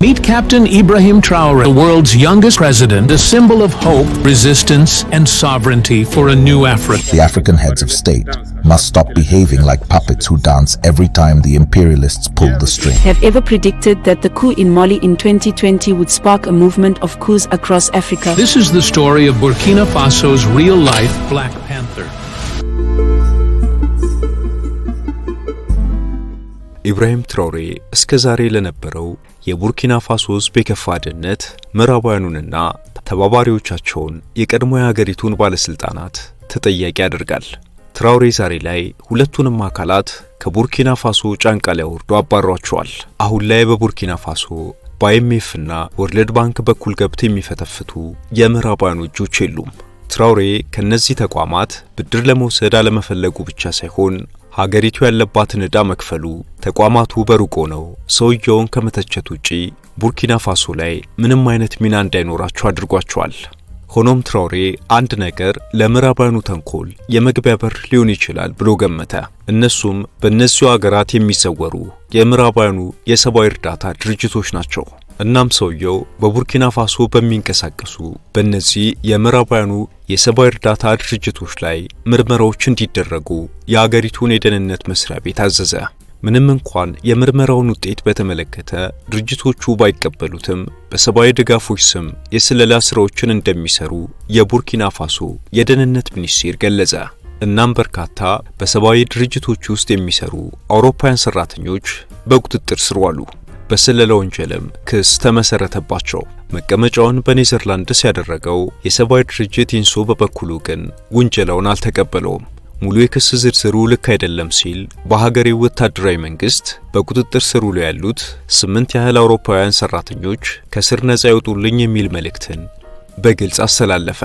Meet Captain Ibrahim Traore, the world's youngest president, a symbol of hope, resistance, and sovereignty for a new Africa. The African heads of state must stop behaving like puppets who dance every time the imperialists pull the string. Have ever predicted that the coup in Mali in 2020 would spark a movement of coups across Africa? This is the story of Burkina Faso's real-life Black Panther. ኢብራሂም ትራውሬ እስከ ዛሬ ለነበረው የቡርኪና ፋሶ ሕዝብ የከፋ ድህነት ምዕራባውያኑንና ተባባሪዎቻቸውን የቀድሞ የሀገሪቱን ባለሥልጣናት ተጠያቂ ያደርጋል። ትራውሬ ዛሬ ላይ ሁለቱንም አካላት ከቡርኪና ፋሶ ጫንቃ ላይ ወርዶ አባሯቸዋል። አሁን ላይ በቡርኪና ፋሶ በአይኤምኤፍና ወርልድ ባንክ በኩል ገብተው የሚፈተፍቱ የምዕራባውያኑ እጆች የሉም። ትራውሬ ከነዚህ ተቋማት ብድር ለመውሰድ አለመፈለጉ ብቻ ሳይሆን ሀገሪቱ ያለባትን ዕዳ መክፈሉ ተቋማቱ በሩቆ ነው። ሰውየውን ከመተቸት ውጪ ቡርኪና ፋሶ ላይ ምንም አይነት ሚና እንዳይኖራቸው አድርጓቸዋል። ሆኖም ትራውሬ አንድ ነገር ለምዕራባውያኑ ተንኮል የመግቢያ በር ሊሆን ይችላል ብሎ ገመተ። እነሱም በእነዚሁ አገራት የሚሰወሩ የምዕራባውያኑ የሰብአዊ እርዳታ ድርጅቶች ናቸው። እናም ሰውየው በቡርኪና ፋሶ በሚንቀሳቀሱ በእነዚህ የምዕራባውያኑ የሰብአዊ እርዳታ ድርጅቶች ላይ ምርመራዎች እንዲደረጉ የአገሪቱን የደህንነት መስሪያ ቤት አዘዘ። ምንም እንኳን የምርመራውን ውጤት በተመለከተ ድርጅቶቹ ባይቀበሉትም በሰብአዊ ድጋፎች ስም የስለላ ስራዎችን እንደሚሰሩ የቡርኪና ፋሶ የደህንነት ሚኒስቴር ገለጸ። እናም በርካታ በሰብአዊ ድርጅቶች ውስጥ የሚሰሩ አውሮፓውያን ሰራተኞች በቁጥጥር ስር ዋሉ። በስለላ ወንጀልም ክስ ተመሰረተባቸው። መቀመጫውን በኔዘርላንድስ ያደረገው የሰብአዊ ድርጅት ኢንሶ በበኩሉ ግን ውንጀላውን አልተቀበለውም። ሙሉ የክስ ዝርዝሩ ልክ አይደለም ሲል በሀገሬው ወታደራዊ መንግስት በቁጥጥር ስር ውለው ያሉት ስምንት ያህል አውሮፓውያን ሰራተኞች ከስር ነፃ ይወጡልኝ የሚል መልእክትን በግልጽ አስተላለፈ።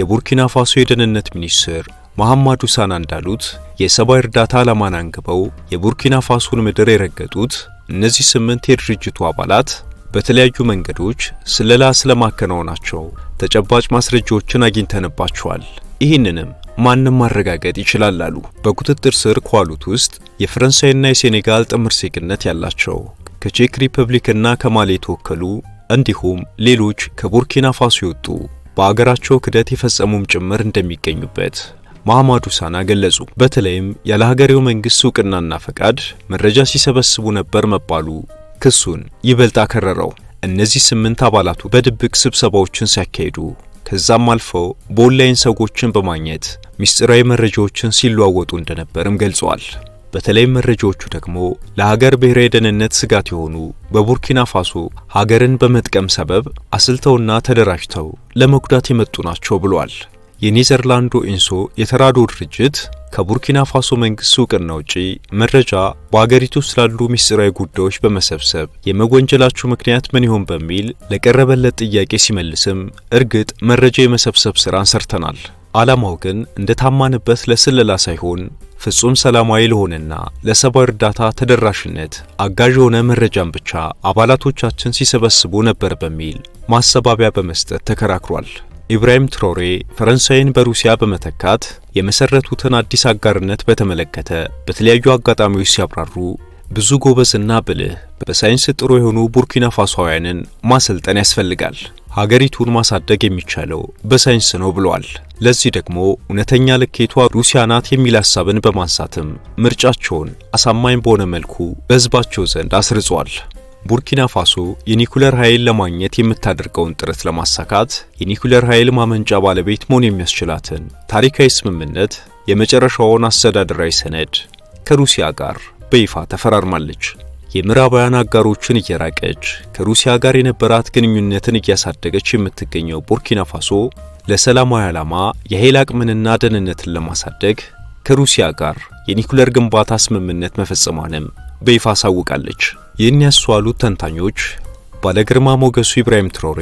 የቡርኪና ፋሶ የደህንነት ሚኒስትር መሐማድ ሳና እንዳሉት የሰብአዊ እርዳታ ዓላማን አንግበው የቡርኪና ፋሶን ምድር የረገጡት እነዚህ ስምንት የድርጅቱ አባላት በተለያዩ መንገዶች ስለላ ስለማከናወናቸው ተጨባጭ ማስረጃዎችን አግኝተንባቸዋል። ይህንንም ማንም ማረጋገጥ ይችላል አሉ። በቁጥጥር ስር ከዋሉት ውስጥ የፈረንሳይና የሴኔጋል ጥምር ዜግነት ያላቸው ከቼክ ሪፐብሊክና ከማሊ የተወከሉ እንዲሁም ሌሎች ከቡርኪና ፋሶ የወጡ በአገራቸው ክደት የፈጸሙም ጭምር እንደሚገኙበት ማህማዱ ሳና ገለጹ። በተለይም ያለ ሀገሬው መንግስት እውቅናና ፈቃድ መረጃ ሲሰበስቡ ነበር መባሉ ክሱን ይበልጥ አከረረው። እነዚህ ስምንት አባላቱ በድብቅ ስብሰባዎችን ሲያካሂዱ ከዛም አልፎ በኦንላይን ሰዎችን በማግኘት ሚስጢራዊ መረጃዎችን ሲለዋወጡ እንደነበርም ገልጸዋል። በተለይም መረጃዎቹ ደግሞ ለሀገር ብሔራዊ ደህንነት ስጋት የሆኑ በቡርኪና ፋሶ ሀገርን በመጥቀም ሰበብ አስልተውና ተደራጅተው ለመጉዳት የመጡ ናቸው ብለዋል። የኔዘርላንዱ ኢንሶ የተራዶ ድርጅት ከቡርኪና ፋሶ መንግስት እውቅና ውጪ መረጃ በአገሪቱ ስላሉ ምስጢራዊ ጉዳዮች በመሰብሰብ የመወንጀላችሁ ምክንያት ምን ይሆን በሚል ለቀረበለት ጥያቄ ሲመልስም እርግጥ መረጃ የመሰብሰብ ስራን ሰርተናል። ዓላማው ግን እንደታማንበት ለስለላ ሳይሆን ፍጹም ሰላማዊ ለሆነና ለሰብአዊ እርዳታ ተደራሽነት አጋዥ የሆነ መረጃን ብቻ አባላቶቻችን ሲሰበስቡ ነበር በሚል ማሰባቢያ በመስጠት ተከራክሯል። ኢብራሂም ትሮሬ ፈረንሳይን በሩሲያ በመተካት የመሰረቱትን አዲስ አጋርነት በተመለከተ በተለያዩ አጋጣሚዎች ሲያብራሩ ብዙ ጎበዝና ብልህ በሳይንስ ጥሩ የሆኑ ቡርኪና ፋሶውያንን ማሰልጠን ያስፈልጋል። ሀገሪቱን ማሳደግ የሚቻለው በሳይንስ ነው ብለዋል። ለዚህ ደግሞ እውነተኛ ልኬቷ ሩሲያ ናት የሚል ሀሳብን በማንሳትም ምርጫቸውን አሳማኝ በሆነ መልኩ በህዝባቸው ዘንድ አስርጿል። ቡርኪና ፋሶ የኒኩለር ኃይል ለማግኘት የምታደርገውን ጥረት ለማሳካት የኒኩለር ኃይል ማመንጫ ባለቤት መሆን የሚያስችላትን ታሪካዊ ስምምነት የመጨረሻውን አስተዳደራዊ ሰነድ ከሩሲያ ጋር በይፋ ተፈራርማለች። የምዕራባውያን አጋሮችን እየራቀች ከሩሲያ ጋር የነበራት ግንኙነትን እያሳደገች የምትገኘው ቡርኪና ፋሶ ለሰላማዊ ዓላማ የኃይል አቅምንና ደህንነትን ለማሳደግ ከሩሲያ ጋር የኒኩለር ግንባታ ስምምነት መፈጸሟንም በይፋ አሳውቃለች። ይህን ያስተዋሉት ተንታኞች ባለግርማ ሞገሱ ኢብራሂም ትሮሬ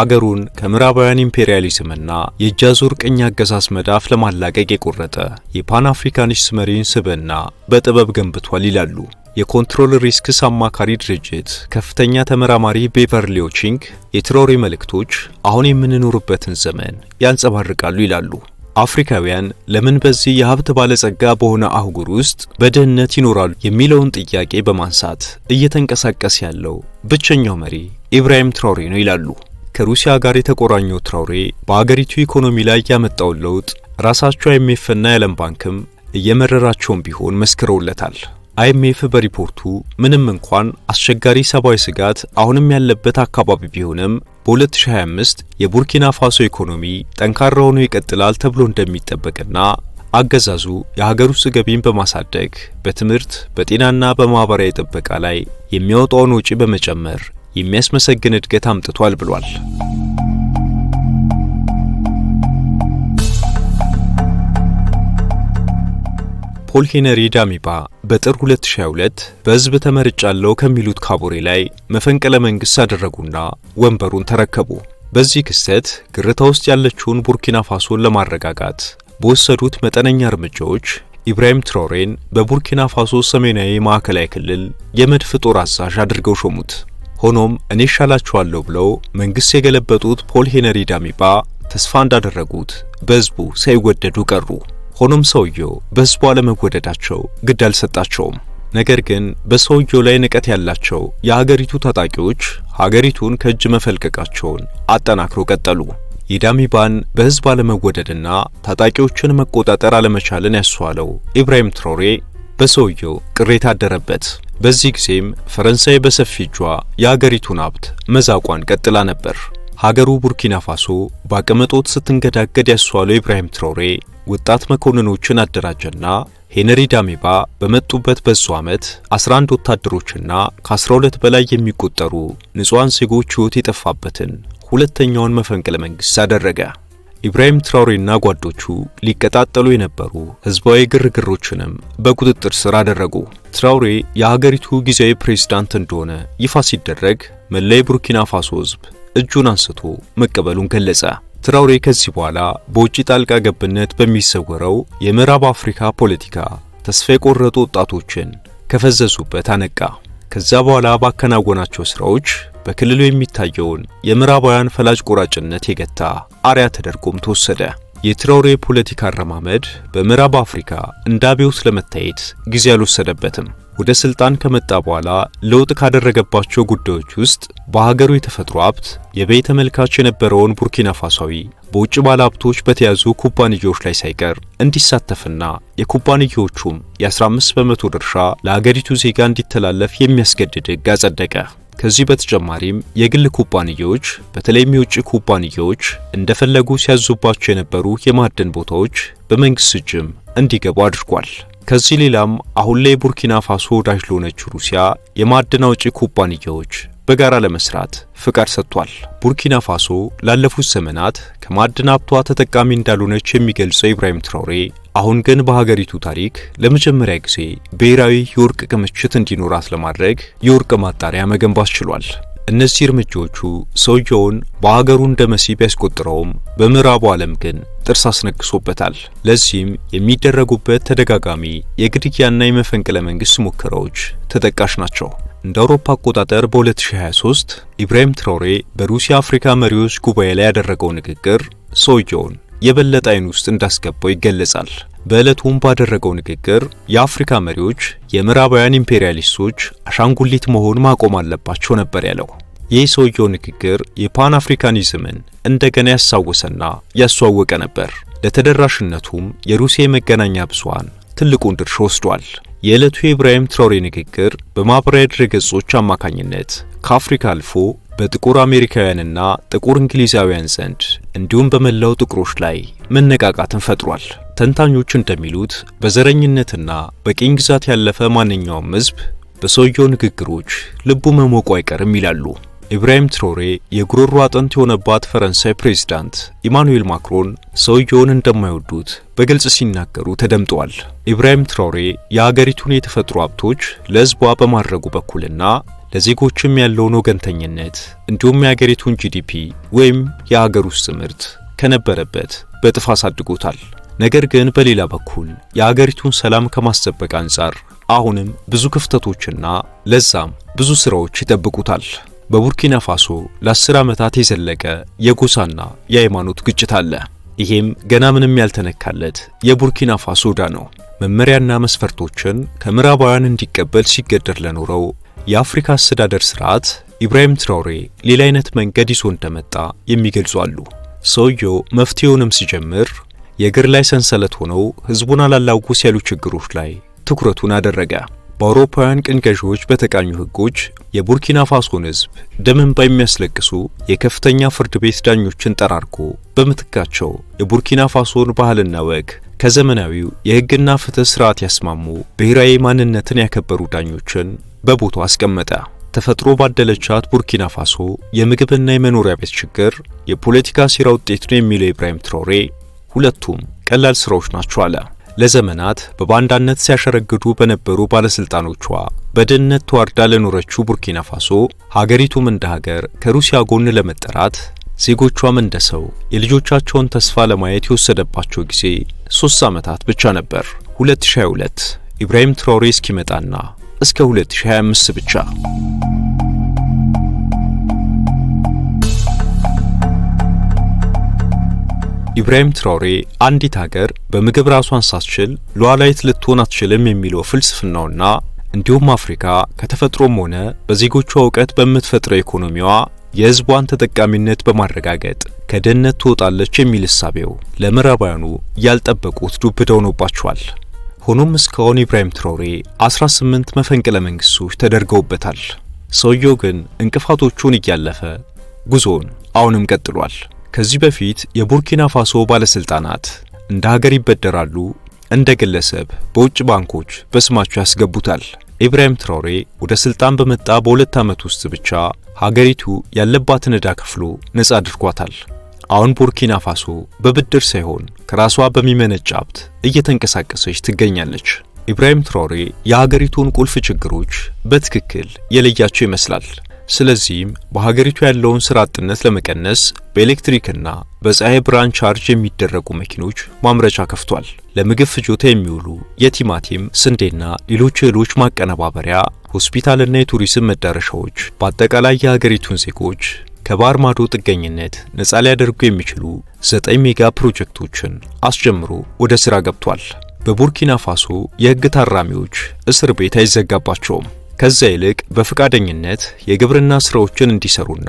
አገሩን ከምዕራባውያን ኢምፔሪያሊዝምና የእጅ አዙር ቅኝ አገዛዝ መዳፍ ለማላቀቅ የቆረጠ የፓን አፍሪካኒስት መሪን ስብዕና በጥበብ ገንብቷል ይላሉ። የኮንትሮል ሪስክስ አማካሪ ድርጅት ከፍተኛ ተመራማሪ ቤቨርሊ ኦቺንግ የትሮሬ መልእክቶች አሁን የምንኖርበትን ዘመን ያንጸባርቃሉ ይላሉ። አፍሪካውያን ለምን በዚህ የሀብት ባለጸጋ በሆነ አህጉር ውስጥ በድህነት ይኖራሉ የሚለውን ጥያቄ በማንሳት እየተንቀሳቀስ ያለው ብቸኛው መሪ ኢብራሂም ትራውሬ ነው ይላሉ። ከሩሲያ ጋር የተቆራኘው ትራውሬ በአገሪቱ ኢኮኖሚ ላይ ያመጣውን ለውጥ ራሳቸው የሚፈና የዓለም ባንክም እየመረራቸውም ቢሆን መስክረውለታል። አይኤምኤፍ በሪፖርቱ ምንም እንኳን አስቸጋሪ ሰብአዊ ስጋት አሁንም ያለበት አካባቢ ቢሆንም በ2025 የቡርኪና ፋሶ ኢኮኖሚ ጠንካራ ሆኖ ይቀጥላል ተብሎ እንደሚጠበቅና አገዛዙ የሀገር ውስጥ ገቢን በማሳደግ በትምህርት በጤናና በማኅበራዊ ጥበቃ ላይ የሚያወጣውን ወጪ በመጨመር የሚያስመሰግን እድገት አምጥቷል ብሏል። ፖል ሄነሪ ዳሚባ በጥር 2022 በሕዝብ ተመርጫለሁ ከሚሉት ካቡሬ ላይ መፈንቅለ መንግሥት አደረጉና ወንበሩን ተረከቡ። በዚህ ክስተት ግርታ ውስጥ ያለችውን ቡርኪና ፋሶን ለማረጋጋት በወሰዱት መጠነኛ እርምጃዎች ኢብራሂም ትራውሬን በቡርኪና ፋሶ ሰሜናዊ ማዕከላዊ ክልል የመድፍ ጦር አዛዥ አድርገው ሾሙት። ሆኖም እኔ ይሻላችኋለሁ ብለው መንግሥት የገለበጡት ፖል ሄነሪ ዳሚባ ተስፋ እንዳደረጉት በሕዝቡ ሳይወደዱ ቀሩ። ሆኖም ሰውየው በህዝቡ አለመወደዳቸው ግድ አልሰጣቸውም። ነገር ግን በሰውየው ላይ ንቀት ያላቸው የሀገሪቱ ታጣቂዎች ሀገሪቱን ከእጅ መፈልቀቃቸውን አጠናክረው ቀጠሉ። የዳሚባን በህዝብ አለመወደድና ታጣቂዎችን መቆጣጠር አለመቻልን ያስተዋለው ኢብራሂም ትሮሬ በሰውየው ቅሬታ አደረበት። በዚህ ጊዜም ፈረንሳይ በሰፊ እጇ የአገሪቱን ሀብት መዛቋን ቀጥላ ነበር። ሀገሩ ቡርኪና ፋሶ በአቅም እጦት ስትንገዳገድ ያስተዋለው ኢብራሂም ትራውሬ ወጣት መኮንኖችን አደራጀና ሄነሪ ዳሜባ በመጡበት በዙ ዓመት 11 ወታደሮችና ከ12 በላይ የሚቆጠሩ ንጹሐን ዜጎች ሕይወት የጠፋበትን ሁለተኛውን መፈንቅለ መንግሥት አደረገ። ኢብራሂም ትራውሬና ጓዶቹ ሊቀጣጠሉ የነበሩ ሕዝባዊ ግርግሮችንም በቁጥጥር ስር አደረጉ። ትራውሬ የሀገሪቱ ጊዜያዊ ፕሬዝዳንት እንደሆነ ይፋ ሲደረግ መላ የቡርኪና ፋሶ ሕዝብ እጁን አንስቶ መቀበሉን ገለጸ። ትራውሬ ከዚህ በኋላ በውጭ ጣልቃ ገብነት በሚሰወረው የምዕራብ አፍሪካ ፖለቲካ ተስፋ የቆረጡ ወጣቶችን ከፈዘዙበት አነቃ። ከዛ በኋላ ባከናወናቸው ስራዎች በክልሉ የሚታየውን የምዕራባውያን ፈላጭ ቆራጭነት የገታ አርያ ተደርጎም ተወሰደ። የትራውሬ ፖለቲካ አረማመድ በምዕራብ አፍሪካ እንዳቤው ስለመታየት ለመታየት ጊዜ አልወሰደበትም። ወደ ስልጣን ከመጣ በኋላ ለውጥ ካደረገባቸው ጉዳዮች ውስጥ በሀገሩ የተፈጥሮ ሀብት የበይ ተመልካች የነበረውን ቡርኪና ፋሳዊ በውጭ ባለሀብቶች በተያዙ ኩባንያዎች ላይ ሳይቀር እንዲሳተፍና የኩባንያዎቹም የ15 በመቶ ድርሻ ለሀገሪቱ ዜጋ እንዲተላለፍ የሚያስገድድ ሕግ አጸደቀ። ከዚህ በተጨማሪም የግል ኩባንያዎች በተለይም የውጭ ኩባንያዎች እንደፈለጉ ሲያዙባቸው የነበሩ የማዕድን ቦታዎች በመንግስት እጅም እንዲገቡ አድርጓል። ከዚህ ሌላም አሁን ላይ ቡርኪና ፋሶ ወዳጅ ለሆነች ሩሲያ የማዕድን አውጪ ኩባንያዎች በጋራ ለመስራት ፍቃድ ሰጥቷል። ቡርኪና ፋሶ ላለፉት ዘመናት ከማዕድን ሀብቷ ተጠቃሚ እንዳልሆነች የሚገልጸው ኢብራሂም ትራውሬ አሁን ግን በሀገሪቱ ታሪክ ለመጀመሪያ ጊዜ ብሔራዊ የወርቅ ክምችት እንዲኖራት ለማድረግ የወርቅ ማጣሪያ መገንባት ችሏል። እነዚህ እርምጃዎቹ ሰውየውን በሀገሩ እንደ መሲህ ቢያስቆጥረውም በምዕራቡ ዓለም ግን ጥርስ አስነክሶበታል። ለዚህም የሚደረጉበት ተደጋጋሚ የግድያና የመፈንቅለ መንግሥት ሙከራዎች ተጠቃሽ ናቸው። እንደ አውሮፓ አቆጣጠር በ2023 ኢብራሂም ትራውሬ በሩሲያ አፍሪካ መሪዎች ጉባኤ ላይ ያደረገው ንግግር ሰውየውን የበለጠ አይን ውስጥ እንዳስገባው ይገለጻል። በዕለቱም ባደረገው ንግግር የአፍሪካ መሪዎች የምዕራባውያን ኢምፔሪያሊስቶች አሻንጉሊት መሆን ማቆም አለባቸው ነበር ያለው። ይህ ሰውየው ንግግር የፓን አፍሪካኒዝምን እንደገና ያስታወሰና ያስተዋወቀ ነበር። ለተደራሽነቱም የሩሲያ የመገናኛ ብዙሃን ትልቁን ድርሻ ወስዷል። የዕለቱ የኢብራሂም ትራውሬ ንግግር በማኅበራዊ ድረገጾች አማካኝነት ከአፍሪካ አልፎ በጥቁር አሜሪካውያንና ጥቁር እንግሊዛውያን ዘንድ እንዲሁም በመላው ጥቁሮች ላይ መነቃቃትን ፈጥሯል። ተንታኞቹ እንደሚሉት በዘረኝነትና በቅኝ ግዛት ያለፈ ማንኛውም ህዝብ በሰውየው ንግግሮች ልቡ መሞቁ አይቀርም ይላሉ። ኢብራሂም ትሮሬ የጉሮሮ አጥንት የሆነባት ፈረንሳይ ፕሬዝዳንት ኢማኑኤል ማክሮን ሰውየውን እንደማይወዱት በግልጽ ሲናገሩ ተደምጠዋል። ኢብራሂም ትሮሬ የአገሪቱን የተፈጥሮ ሀብቶች ለህዝቧ በማድረጉ በኩልና ለዜጎችም ያለውን ወገንተኝነት እንዲሁም የአገሪቱን ጂዲፒ ወይም የሀገር ውስጥ ምርት ከነበረበት በእጥፍ አሳድጎታል። ነገር ግን በሌላ በኩል የአገሪቱን ሰላም ከማስጠበቅ አንጻር አሁንም ብዙ ክፍተቶችና ለዛም ብዙ ስራዎች ይጠብቁታል። በቡርኪና ፋሶ ለአስር ዓመታት የዘለቀ የጎሳና የሃይማኖት ግጭት አለ። ይሄም ገና ምንም ያልተነካለት የቡርኪና ፋሶ ዕዳ ነው። መመሪያና መስፈርቶችን ከምዕራባውያን እንዲቀበል ሲገደድ ለኖረው የአፍሪካ አስተዳደር ስርዓት ኢብራሂም ትራውሬ ሌላ አይነት መንገድ ይዞ እንደመጣ የሚገልጹ አሉ። ሰውየው መፍትሄውንም ሲጀምር የእግር ላይ ሰንሰለት ሆኖ ሕዝቡን አላላጉ ያሉ ችግሮች ላይ ትኩረቱን አደረገ። በአውሮፓውያን ቅኝ ገዢዎች በተቃኙ ሕጎች የቡርኪና ፋሶን ህዝብ ደም እንባ የሚያስለቅሱ የከፍተኛ ፍርድ ቤት ዳኞችን ጠራርጎ በምትካቸው የቡርኪና ፋሶን ባህልና ወግ ከዘመናዊው የህግና ፍትህ ስርዓት ያስማሙ ብሔራዊ ማንነትን ያከበሩ ዳኞችን በቦታው አስቀመጠ። ተፈጥሮ ባደለቻት ቡርኪና ፋሶ የምግብና የመኖሪያ ቤት ችግር የፖለቲካ ሴራ ውጤት ነው የሚለው ኢብራሂም ትራውሬ ሁለቱም ቀላል ስራዎች ናቸው አለ። ለዘመናት በባንዳነት ሲያሸረግዱ በነበሩ ባለስልጣኖቿ በድህነት ተዋርዳ ለኖረችው ቡርኪና ፋሶ ሀገሪቱም እንደ ሀገር ከሩሲያ ጎን ለመጠራት ዜጎቿም እንደ ሰው የልጆቻቸውን ተስፋ ለማየት የወሰደባቸው ጊዜ ሶስት ዓመታት ብቻ ነበር። 2022 ኢብራሂም ትራውሬ እስኪመጣና እስከ 2025 ብቻ ኢብራሂም ትራውሬ አንዲት ሀገር በምግብ ራሷን ሳትችል ሉዓላዊት ልትሆን አትችልም የሚለው ፍልስፍናውና እንዲሁም አፍሪካ ከተፈጥሮም ሆነ በዜጎቿ እውቀት በምትፈጥረው ኢኮኖሚዋ የህዝቧን ተጠቃሚነት በማረጋገጥ ከድህነት ትወጣለች የሚል እሳቤው ለምዕራባውያኑ ያልጠበቁት ዱብዳ ሆኖባቸዋል። ሆኖም እስካሁን ኢብራሂም ትራውሬ 18 መፈንቅለ መንግስቶች ተደርገውበታል። ሰውየው ግን እንቅፋቶቹን እያለፈ ጉዞውን አሁንም ቀጥሏል። ከዚህ በፊት የቡርኪና ፋሶ ባለስልጣናት እንደ ሀገር ይበደራሉ፣ እንደ ግለሰብ በውጭ ባንኮች በስማቸው ያስገቡታል። ኢብራሂም ትራውሬ ወደ ስልጣን በመጣ በሁለት ዓመት ውስጥ ብቻ ሀገሪቱ ያለባትን ዕዳ ከፍሎ ነጻ አድርጓታል። አሁን ቡርኪና ፋሶ በብድር ሳይሆን ከራሷ በሚመነጭ ሀብት እየተንቀሳቀሰች ትገኛለች። ኢብራሂም ትራውሬ የሀገሪቱን ቁልፍ ችግሮች በትክክል የለያቸው ይመስላል። ስለዚህም በሀገሪቱ ያለውን ስራ አጥነት ለመቀነስ በኤሌክትሪክና በፀሐይ ብርሃን ቻርጅ የሚደረጉ መኪኖች ማምረቻ ከፍቷል። ለምግብ ፍጆታ የሚውሉ የቲማቲም ስንዴና ሌሎች እህሎች ማቀነባበሪያ፣ ሆስፒታልና የቱሪዝም መዳረሻዎች በአጠቃላይ የሀገሪቱን ዜጎች ከባህር ማዶ ጥገኝነት ነፃ ሊያደርጉ የሚችሉ ዘጠኝ ሜጋ ፕሮጀክቶችን አስጀምሮ ወደ ስራ ገብቷል። በቡርኪና ፋሶ የህግ ታራሚዎች እስር ቤት አይዘጋባቸውም። ከዚያ ይልቅ በፈቃደኝነት የግብርና ስራዎችን እንዲሰሩና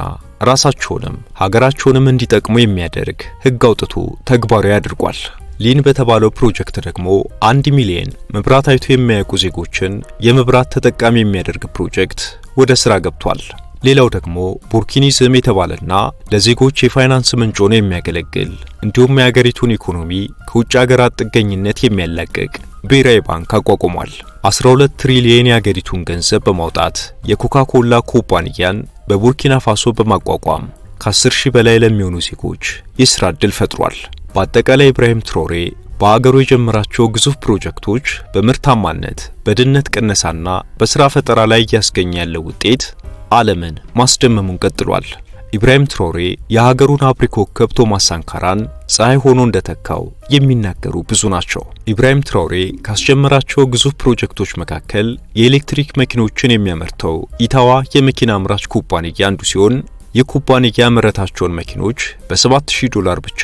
ራሳቸውንም ሀገራቸውንም እንዲጠቅሙ የሚያደርግ ህግ አውጥቶ ተግባራዊ አድርጓል። ሊን በተባለው ፕሮጀክት ደግሞ አንድ ሚሊየን መብራት አይቶ የማያውቁ ዜጎችን የመብራት ተጠቃሚ የሚያደርግ ፕሮጀክት ወደ ስራ ገብቷል። ሌላው ደግሞ ቡርኪኒዝም የተባለና ለዜጎች የፋይናንስ ምንጭ ሆኖ የሚያገለግል እንዲሁም የአገሪቱን ኢኮኖሚ ከውጭ ሀገራት ጥገኝነት የሚያላቅቅ ብሔራዊ ባንክ አቋቁሟል። 12 ትሪሊየን የአገሪቱን ገንዘብ በማውጣት የኮካ ኮላ ኩባንያን በቡርኪና ፋሶ በማቋቋም ከ10 ሺህ በላይ ለሚሆኑ ዜጎች የሥራ ዕድል ፈጥሯል። በአጠቃላይ ኢብራሂም ትሮሬ በአገሩ የጀመራቸው ግዙፍ ፕሮጀክቶች በምርታማነት በድህነት ቅነሳና በሥራ ፈጠራ ላይ እያስገኘ ያለው ውጤት ዓለምን ማስደመሙን ቀጥሏል። ኢብራሂም ትሮሬ የሀገሩን አብሪ ኮከብ ቶማስ ሳንካራን ፀሐይ ሆኖ እንደተካው የሚናገሩ ብዙ ናቸው። ኢብራሂም ትራውሬ ካስጀመራቸው ግዙፍ ፕሮጀክቶች መካከል የኤሌክትሪክ መኪኖችን የሚያመርተው ኢታዋ የመኪና አምራች ኩባንያ አንዱ ሲሆን የኩባንያ ያመረታቸውን መኪኖች በ7000 ዶላር ብቻ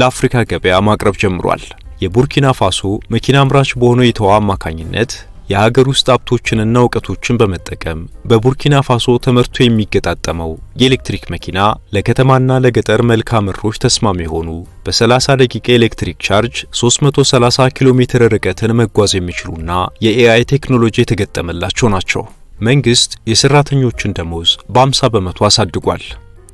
ለአፍሪካ ገበያ ማቅረብ ጀምሯል። የቡርኪና ፋሶ መኪና አምራች በሆነው የተዋ አማካኝነት የሀገር ውስጥ ሀብቶችንና እውቀቶችን በመጠቀም በቡርኪና ፋሶ ተመርቶ የሚገጣጠመው የኤሌክትሪክ መኪና ለከተማና ለገጠር መልክዓ ምድሮች ተስማሚ የሆኑ በ30 ደቂቃ ኤሌክትሪክ ቻርጅ 330 ኪሎ ሜትር ርቀትን መጓዝ የሚችሉና የኤአይ ቴክኖሎጂ የተገጠመላቸው ናቸው። መንግስት የሰራተኞችን ደሞዝ በ50 በመቶ አሳድጓል።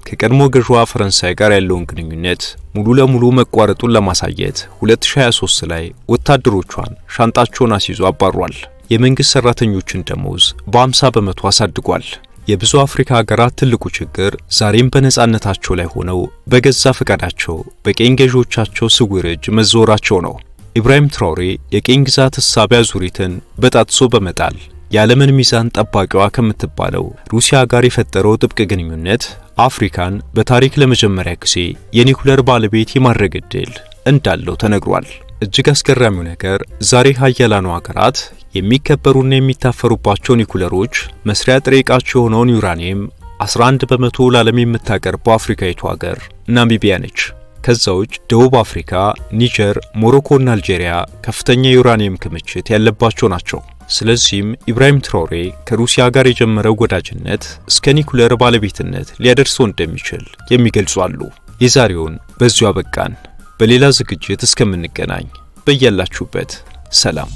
ከቀድሞ ገዥዋ ፈረንሳይ ጋር ያለውን ግንኙነት ሙሉ ለሙሉ መቋረጡን ለማሳየት 2023 ላይ ወታደሮቿን ሻንጣቸውን አስይዞ አባሯል። የመንግሥት ሠራተኞችን ደሞዝ በ50 በመቶ አሳድጓል። የብዙ አፍሪካ ሀገራት ትልቁ ችግር ዛሬም በነፃነታቸው ላይ ሆነው በገዛ ፈቃዳቸው በቅኝ ገዢዎቻቸው ስውር እጅ መዘወራቸው ነው። ኢብራሂም ትራውሬ የቅኝ ግዛት እሳቢያ አዙሪትን በጣጥሶ በመጣል የዓለምን ሚዛን ጠባቂዋ ከምትባለው ሩሲያ ጋር የፈጠረው ጥብቅ ግንኙነት አፍሪካን በታሪክ ለመጀመሪያ ጊዜ የኒኩለር ባለቤት የማድረግ ዕድል እንዳለው ተነግሯል። እጅግ አስገራሚው ነገር ዛሬ ሀያላኑ ሀገራት የሚከበሩና የሚታፈሩባቸው ኒኩለሮች መስሪያ ጥሬ ዕቃቸው የሆነውን ዩራኒየም 11 በመቶ ለዓለም የምታቀርበው አፍሪካዊቱ ሀገር ናሚቢያ ነች። ከዛ ውጭ ደቡብ አፍሪካ፣ ኒጀር፣ ሞሮኮ እና አልጄሪያ ከፍተኛ የዩራኒየም ክምችት ያለባቸው ናቸው። ስለዚህም ኢብራሂም ትራውሬ ከሩሲያ ጋር የጀመረው ወዳጅነት እስከ ኒኩለር ባለቤትነት ሊያደርሰው እንደሚችል የሚገልጹ አሉ። የዛሬውን በዚሁ አበቃን። በሌላ ዝግጅት እስከምንገናኝ በያላችሁበት ሰላም